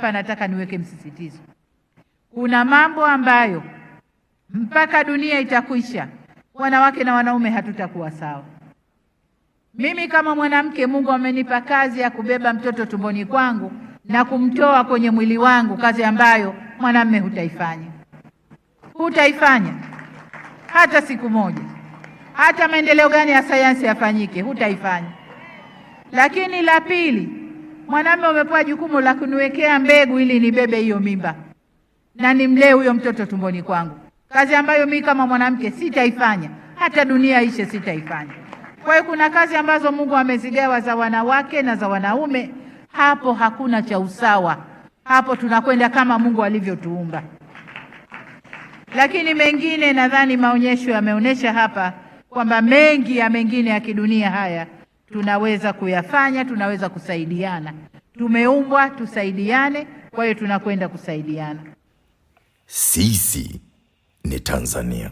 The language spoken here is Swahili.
Hapa nataka niweke msisitizo, kuna mambo ambayo mpaka dunia itakwisha, wanawake na wanaume hatutakuwa sawa. Mimi kama mwanamke, Mungu amenipa kazi ya kubeba mtoto tumboni kwangu na kumtoa kwenye mwili wangu, kazi ambayo mwanamme hutaifanya, hutaifanya hata siku moja. Hata maendeleo gani ya sayansi yafanyike, hutaifanya. Lakini la pili Mwanamume umepewa jukumu la kuniwekea mbegu ili nibebe hiyo mimba na nimlee huyo mtoto tumboni kwangu, kazi ambayo mimi kama mwanamke sitaifanya, hata dunia ishe sitaifanya. Kwa hiyo kuna kazi ambazo Mungu amezigawa za wanawake na za wanaume. Hapo hakuna cha usawa, hapo tunakwenda kama Mungu alivyotuumba. Lakini mengine nadhani maonyesho yameonyesha hapa kwamba mengi ya mengine ya kidunia haya tunaweza kuyafanya, tunaweza kusaidiana. Tumeumbwa tusaidiane, kwa hiyo tunakwenda kusaidiana. Sisi ni Tanzania.